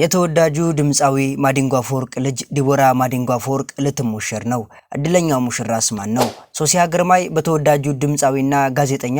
የተወዳጁ ድምፃዊ ማዲንጎ አፈወርቅ ልጅ ዲቦራ ማዲንጎ አፈወርቅ ልትሞሸር ነው። እድለኛው ሙሽራስ ማን ነው? ሶሲያ ግርማይ በተወዳጁ ድምፃዊና ጋዜጠኛ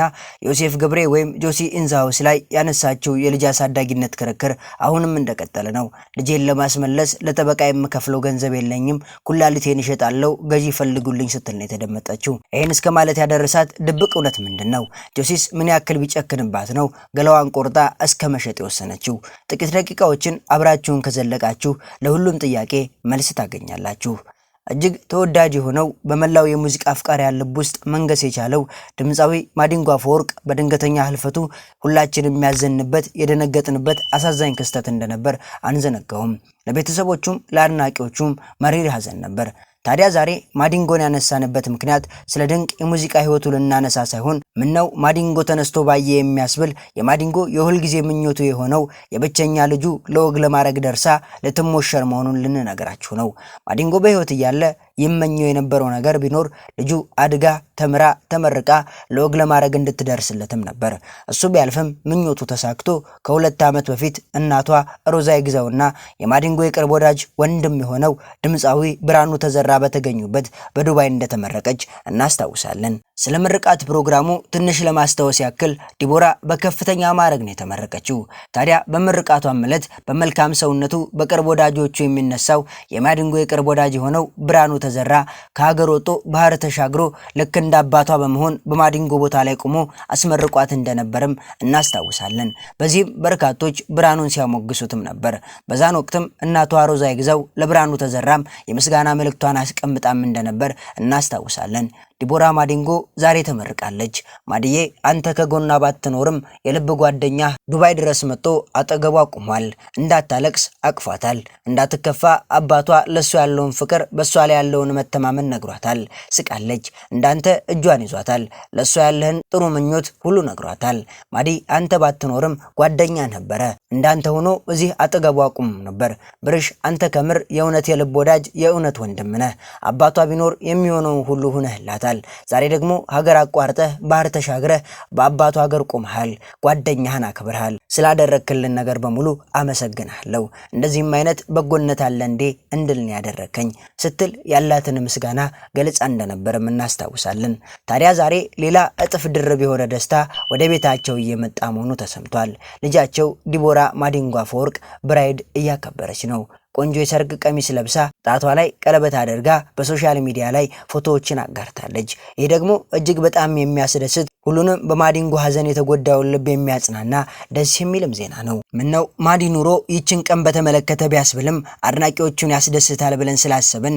ዮሴፍ ገብሬ ወይም ጆሲ ኢንዛውስ ላይ ያነሳችው የልጅ አሳዳጊነት ክርክር አሁንም እንደቀጠለ ነው። ልጄን ለማስመለስ ለጠበቃ የምከፍለው ገንዘብ የለኝም፣ ኩላሊቴን እሸጣለሁ፣ ገዢ ፈልጉልኝ ስትል ነው የተደመጠችው። ይህን እስከ ማለት ያደረሳት ድብቅ እውነት ምንድን ነው? ጆሲስ ምን ያክል ቢጨክንባት ነው ገላዋን ቆርጣ እስከ መሸጥ የወሰነችው? ጥቂት ደቂቃዎችን አብራችሁን ከዘለቃችሁ ለሁሉም ጥያቄ መልስ ታገኛላችሁ። እጅግ ተወዳጅ የሆነው በመላው የሙዚቃ አፍቃሪያን ልብ ውስጥ መንገስ የቻለው ድምፃዊ ማዲንጎ አፈወርቅ በድንገተኛ ህልፈቱ ሁላችን የሚያዘንበት የደነገጥንበት አሳዛኝ ክስተት እንደነበር አንዘነጋውም። ለቤተሰቦቹም ለአድናቂዎቹም መሪር ሀዘን ነበር። ታዲያ ዛሬ ማዲንጎን ያነሳንበት ምክንያት ስለ ድንቅ የሙዚቃ ህይወቱ ልናነሳ ሳይሆን ምነው ማዲንጎ ተነስቶ ባየ የሚያስብል የማዲንጎ የሁልጊዜ ምኞቱ የሆነው የብቸኛ ልጁ ለወግ ለማድረግ ደርሳ ልትሞሸር መሆኑን ልንነግራችሁ ነው። ማዲንጎ በህይወት እያለ ይመኘው የነበረው ነገር ቢኖር ልጁ አድጋ ተምራ ተመርቃ ለወግ ለማድረግ እንድትደርስለትም ነበር። እሱ ቢያልፍም ምኞቱ ተሳክቶ ከሁለት ዓመት በፊት እናቷ ሮዛ ይግዛውና የማዲንጎ የቅርብ ወዳጅ ወንድም የሆነው ድምፃዊ ብርሃኑ ተዘራ በተገኙበት በዱባይ እንደተመረቀች እናስታውሳለን። ስለ ምርቃት ፕሮግራሙ ትንሽ ለማስታወስ ያክል ዲቦራ በከፍተኛ ማዕረግ ነው የተመረቀችው። ታዲያ በምርቃቷም ዕለት በመልካም ሰውነቱ በቅርብ ወዳጆቹ የሚነሳው የማድንጎ የቅርብ ወዳጅ የሆነው ብርሃኑ ተዘራ ከሀገር ወጦ ባህር ተሻግሮ ልክ እንደ አባቷ በመሆን በማድንጎ ቦታ ላይ ቆሞ አስመርቋት እንደነበርም እናስታውሳለን። በዚህም በርካቶች ብርሃኑን ሲያሞግሱትም ነበር። በዛን ወቅትም እናቷ ሮዛ ይግዛው ለብርሃኑ ተዘራም የምስጋና መልእክቷን አስቀምጣም እንደነበር እናስታውሳለን። ዲቦራ ማዲንጎ ዛሬ ተመርቃለች። ማድዬ አንተ ከጎና ባትኖርም የልብ ጓደኛ ዱባይ ድረስ መጥቶ አጠገቧ ቁሟል እንዳታለቅስ አቅፏታል። እንዳትከፋ አባቷ ለእሷ ያለውን ፍቅር፣ በእሷ ላይ ያለውን መተማመን ነግሯታል። ስቃለች። እንዳንተ እጇን ይዟታል። ለእሷ ያለህን ጥሩ ምኞት ሁሉ ነግሯታል። ማዲ አንተ ባትኖርም ጓደኛ ነበረ። እንዳንተ ሆኖ እዚህ አጠገቧ ቁም ነበር። ብርሽ አንተ ከምር የእውነት የልብ ወዳጅ፣ የእውነት ወንድም ነህ። አባቷ ቢኖር የሚሆነው ሁሉ ሁነህላታል። ዛሬ ደግሞ ሀገር አቋርጠህ ባህር ተሻግረህ በአባቷ ሀገር ቆመሃል። ጓደኛህን አክብረህ ሰርተሃል፣ ስላደረክልን ነገር በሙሉ አመሰግናለሁ። እንደዚህም አይነት በጎነት አለ እንዴ እንድልን ያደረከኝ ስትል ያላትን ምስጋና ገልጻ እንደነበርም እናስታውሳለን። ታዲያ ዛሬ ሌላ እጥፍ ድርብ የሆነ ደስታ ወደ ቤታቸው እየመጣ መሆኑ ተሰምቷል። ልጃቸው ዲቦራ ማዲንጎ አፈወርቅ ብራይድ እያከበረች ነው። ቆንጆ የሰርግ ቀሚስ ለብሳ ጣቷ ላይ ቀለበት አድርጋ በሶሻል ሚዲያ ላይ ፎቶዎችን አጋርታለች። ይህ ደግሞ እጅግ በጣም የሚያስደስት ሁሉንም በማዲንጎ ሀዘን የተጎዳውን ልብ የሚያጽናና ደስ የሚልም ዜና ነው። ምነው ማዲ ኑሮ ይችን ቀን በተመለከተ ቢያስብልም አድናቂዎቹን ያስደስታል ብለን ስላሰብን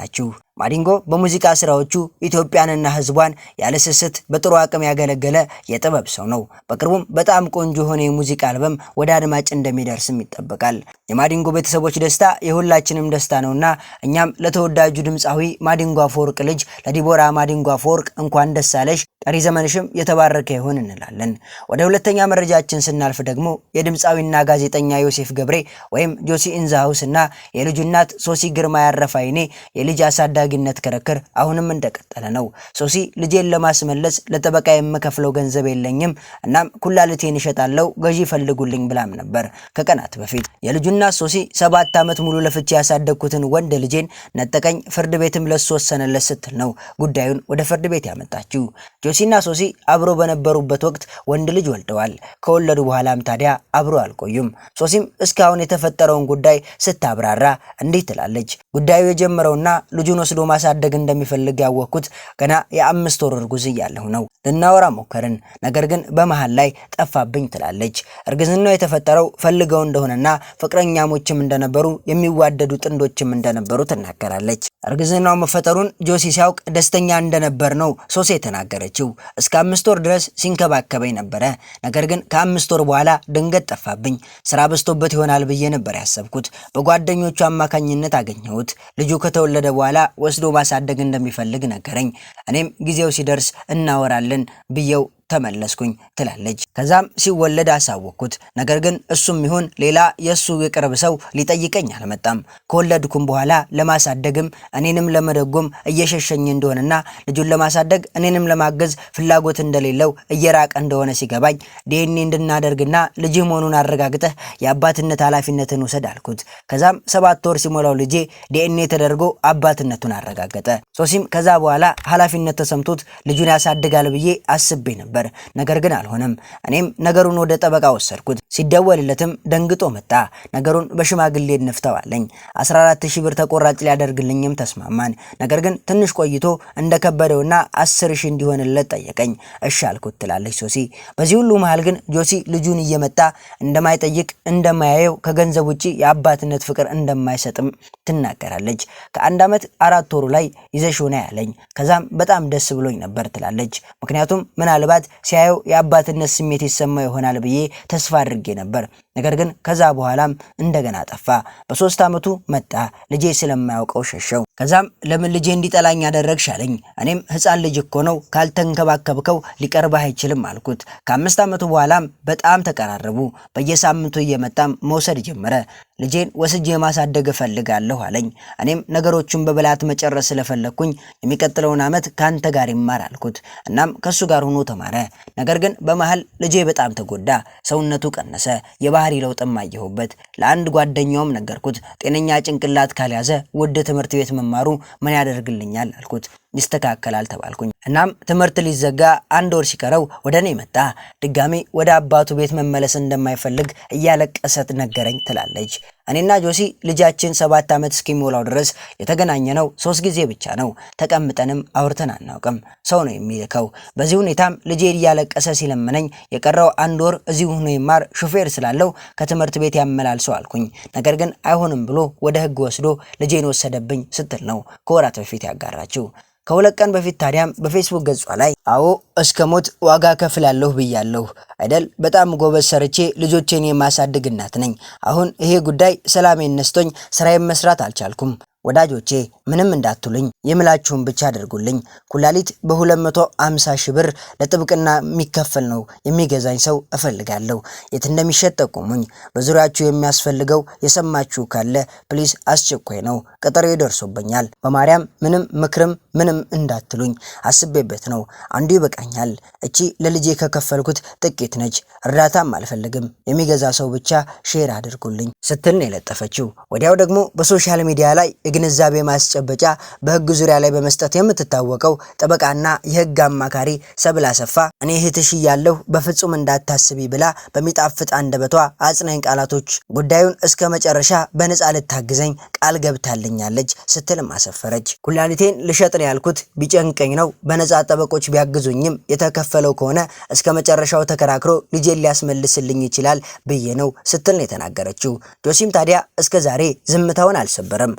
ናችሁ። ማዲንጎ በሙዚቃ ስራዎቹ ኢትዮጵያንና ሕዝቧን ያለ ስስት በጥሩ አቅም ያገለገለ የጥበብ ሰው ነው። በቅርቡም በጣም ቆንጆ የሆነ የሙዚቃ አልበም ወደ አድማጭ እንደሚደርስም ይጠበቃል። የማዲንጎ ቤተሰቦች ደስታ የሁላችንም ደስታ ነውና እኛም ለተወዳጁ ድምፃዊ ማዲንጎ አፈወርቅ ልጅ ለዲቦራ ማዲንጎ አፈወርቅ እንኳን ደስ አለሽ፣ ቀሪ ዘመንሽም የተባረከ ይሁን እንላለን። ወደ ሁለተኛ መረጃችን ስናልፍ ደግሞ የድምፃዊና ጋዜጠኛ ዮሴፍ ገብሬ ወይም ጆሲ ኢንዛሃውስ እና የልጁ እናት ሶሲ ግርማ ያረፋይኔ የልጅ አሳዳ። የዳጊነት ክርክር አሁንም እንደቀጠለ ነው። ሶሲ ልጄን ለማስመለስ ለጠበቃ የምከፍለው ገንዘብ የለኝም፣ እናም ኩላሊቴን እሸጣለሁ ገዢ ፈልጉልኝ ብላም ነበር ከቀናት በፊት። የልጁና ሶሲ ሰባት ዓመት ሙሉ ለፍቺ ያሳደግኩትን ወንድ ልጄን ነጠቀኝ፣ ፍርድ ቤትም ለሱ ወሰነለት ስትል ነው ጉዳዩን ወደ ፍርድ ቤት ያመጣችው። ጆሲና ሶሲ አብሮ በነበሩበት ወቅት ወንድ ልጅ ወልደዋል። ከወለዱ በኋላም ታዲያ አብሮ አልቆዩም። ሶሲም እስካሁን የተፈጠረውን ጉዳይ ስታብራራ እንዲህ ትላለች። ጉዳዩ የጀመረውና ልጁን ወስዶ ወስዶ ማሳደግ እንደሚፈልግ ያወቅኩት ገና የአምስት ወር እርጉዝ እያለሁ ነው። ልናወራ ሞከርን፣ ነገር ግን በመሃል ላይ ጠፋብኝ ትላለች። እርግዝናው የተፈጠረው ፈልገው እንደሆነና ፍቅረኛሞችም እንደነበሩ የሚዋደዱ ጥንዶችም እንደነበሩ ትናገራለች። እርግዝናው መፈጠሩን ጆሲ ሲያውቅ ደስተኛ እንደነበር ነው ሶሴ የተናገረችው። እስከ አምስት ወር ድረስ ሲንከባከበኝ ነበረ። ነገር ግን ከአምስት ወር በኋላ ድንገት ጠፋብኝ። ስራ በዝቶበት ይሆናል ብዬ ነበር ያሰብኩት። በጓደኞቹ አማካኝነት አገኘሁት። ልጁ ከተወለደ በኋላ ወስዶ ማሳደግ እንደሚፈልግ ነገረኝ። እኔም ጊዜው ሲደርስ እናወራለን ብየው ተመለስኩኝ ትላለች። ከዛም ሲወለድ አሳወቅኩት። ነገር ግን እሱም ይሁን ሌላ የእሱ የቅርብ ሰው ሊጠይቀኝ አልመጣም። ከወለድኩም በኋላ ለማሳደግም እኔንም ለመደጎም እየሸሸኝ እንደሆነና ልጁን ለማሳደግ እኔንም ለማገዝ ፍላጎት እንደሌለው እየራቀ እንደሆነ ሲገባኝ ዲኤንኤ እንድናደርግና ልጅህ መሆኑን አረጋግጠህ የአባትነት ኃላፊነትን ውሰድ አልኩት። ከዛም ሰባት ወር ሲሞላው ልጄ ዲኤንኤ ተደርጎ አባትነቱን አረጋገጠ። ሶሲም ከዛ በኋላ ኃላፊነት ተሰምቶት ልጁን ያሳድጋል ብዬ አስቤ ነበር። ነበር፣ ነገር ግን አልሆነም። እኔም ነገሩን ወደ ጠበቃ ወሰድኩት። ሲደወልለትም ደንግጦ መጣ። ነገሩን በሽማግሌ እንፍተዋለኝ። 14 ሺህ ብር ተቆራጭ ሊያደርግልኝም ተስማማን። ነገር ግን ትንሽ ቆይቶ እንደከበደውና ከበደውና 10 ሺህ እንዲሆንለት ጠየቀኝ። እሺ አልኩት ትላለች ሶሲ። በዚህ ሁሉ መሃል ግን ጆሲ ልጁን እየመጣ እንደማይጠይቅ እንደማያየው፣ ከገንዘብ ውጭ የአባትነት ፍቅር እንደማይሰጥም ትናገራለች። ከአንድ ዓመት አራት ወሩ ላይ ይዘሽ ሆነ ያለኝ። ከዛም በጣም ደስ ብሎኝ ነበር ትላለች። ምክንያቱም ምናልባት ሲያየው የአባትነት ስሜት ይሰማው ይሆናል ብዬ ተስፋ አድርጌ ነበር። ነገር ግን ከዛ በኋላም እንደገና ጠፋ። በሶስት ዓመቱ መጣ። ልጄ ስለማያውቀው ሸሸው። ከዛም ለምን ልጄ እንዲጠላኝ ያደረግሽ አለኝ። እኔም ሕፃን ልጅ እኮ ነው ካልተንከባከብከው ሊቀርብህ አይችልም አልኩት። ከአምስት ዓመቱ በኋላም በጣም ተቀራረቡ። በየሳምንቱ እየመጣም መውሰድ ጀመረ። ልጄን ወስጄ ማሳደግ እፈልጋለሁ አለኝ። እኔም ነገሮቹን በበላት መጨረስ ስለፈለግኩኝ የሚቀጥለውን ዓመት ከአንተ ጋር ይማር አልኩት። እናም ከእሱ ጋር ሆኖ ተማረ። ነገር ግን በመሃል ልጄ በጣም ተጎዳ፣ ሰውነቱ ቀነሰ፣ የባህሪ ለውጥም አየሁበት። ለአንድ ጓደኛውም ነገርኩት። ጤነኛ ጭንቅላት ካልያዘ ወደ ትምህርት ቤት መማሩ ምን ያደርግልኛል አልኩት። ይስተካከላል ተባልኩኝ። እናም ትምህርት ሊዘጋ አንድ ወር ሲቀረው ወደ እኔ መጣ። ድጋሜ ወደ አባቱ ቤት መመለስ እንደማይፈልግ እያለቀሰት ነገረኝ ትላለች። እኔና ጆሲ ልጃችን ሰባት ዓመት እስኪሞላው ድረስ የተገናኘነው ሶስት ጊዜ ብቻ ነው። ተቀምጠንም አውርተን አናውቅም። ሰው ነው የሚልከው። በዚህ ሁኔታም ልጄ እያለቀሰ ሲለምነኝ የቀረው አንድ ወር እዚሁ ሆኖ ይማር ሹፌር ስላለው ከትምህርት ቤት ያመላልሰው አልኩኝ። ነገር ግን አይሆንም ብሎ ወደ ህግ ወስዶ ልጄን ወሰደብኝ ስትል ነው ከወራት በፊት ያጋራችው። ከሁለት ቀን በፊት ታዲያም በፌስቡክ ገጿ ላይ አዎ እስከ ሞት ዋጋ ከፍላለሁ ብያለሁ አይደል? በጣም ጎበዝ ሰርቼ ልጆቼን የማሳድግ እናት ነኝ። አሁን ይሄ ጉዳይ ሰላሜን ነስቶኝ ስራዬን መስራት አልቻልኩም። ወዳጆቼ ምንም እንዳትሉኝ የምላችሁን ብቻ አድርጉልኝ። ኩላሊት በ250 ሺህ ብር ለጥብቅና የሚከፈል ነው የሚገዛኝ ሰው እፈልጋለሁ። የት እንደሚሸጥ ጠቁሙኝ። በዙሪያችሁ የሚያስፈልገው የሰማችሁ ካለ ፕሊስ፣ አስቸኳይ ነው፣ ቀጠሮ ይደርሶብኛል። በማርያም ምንም ምክርም ምንም እንዳትሉኝ፣ አስቤበት ነው። አንዱ ይበቃኛል። እቺ ለልጄ ከከፈልኩት ጥቂት ነች። እርዳታም አልፈልግም። የሚገዛ ሰው ብቻ ሼር አድርጉልኝ ስትል ነው የለጠፈችው። ወዲያው ደግሞ በሶሻል ሚዲያ ላይ የግንዛቤ ማስጨበጫ በህግ ዙሪያ ላይ በመስጠት የምትታወቀው ጠበቃና የህግ አማካሪ ሰብል አሰፋ እኔ እህትሽ እያለሁ በፍጹም እንዳታስቢ ብላ በሚጣፍጥ አንደበቷ አጽናኝ ቃላቶች ጉዳዩን እስከ መጨረሻ በነፃ ልታግዘኝ ቃል ገብታልኛለች ስትልም አሰፈረች። ኩላሊቴን ልሸጥን ያልኩት ቢጨንቀኝ ነው። በነፃ ጠበቆች ቢያግዙኝም የተከፈለው ከሆነ እስከ መጨረሻው ተከራክሮ ልጄን ሊያስመልስልኝ ይችላል ብዬ ነው ስትል ነው የተናገረችው። ጆሲም ታዲያ እስከ ዛሬ ዝምታውን አልሰበረም።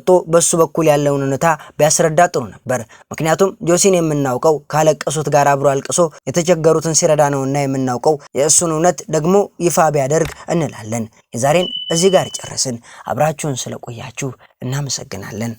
ወጥቶ በሱ በኩል ያለውን ሁኔታ ቢያስረዳ ጥሩ ነበር። ምክንያቱም ጆሲን የምናውቀው ካለቀሱት ጋር አብሮ አልቅሶ የተቸገሩትን ሲረዳ ነውና የምናውቀው የእሱን እውነት ደግሞ ይፋ ቢያደርግ እንላለን። የዛሬን እዚህ ጋር ጨረስን። አብራችሁን ስለቆያችሁ እናመሰግናለን።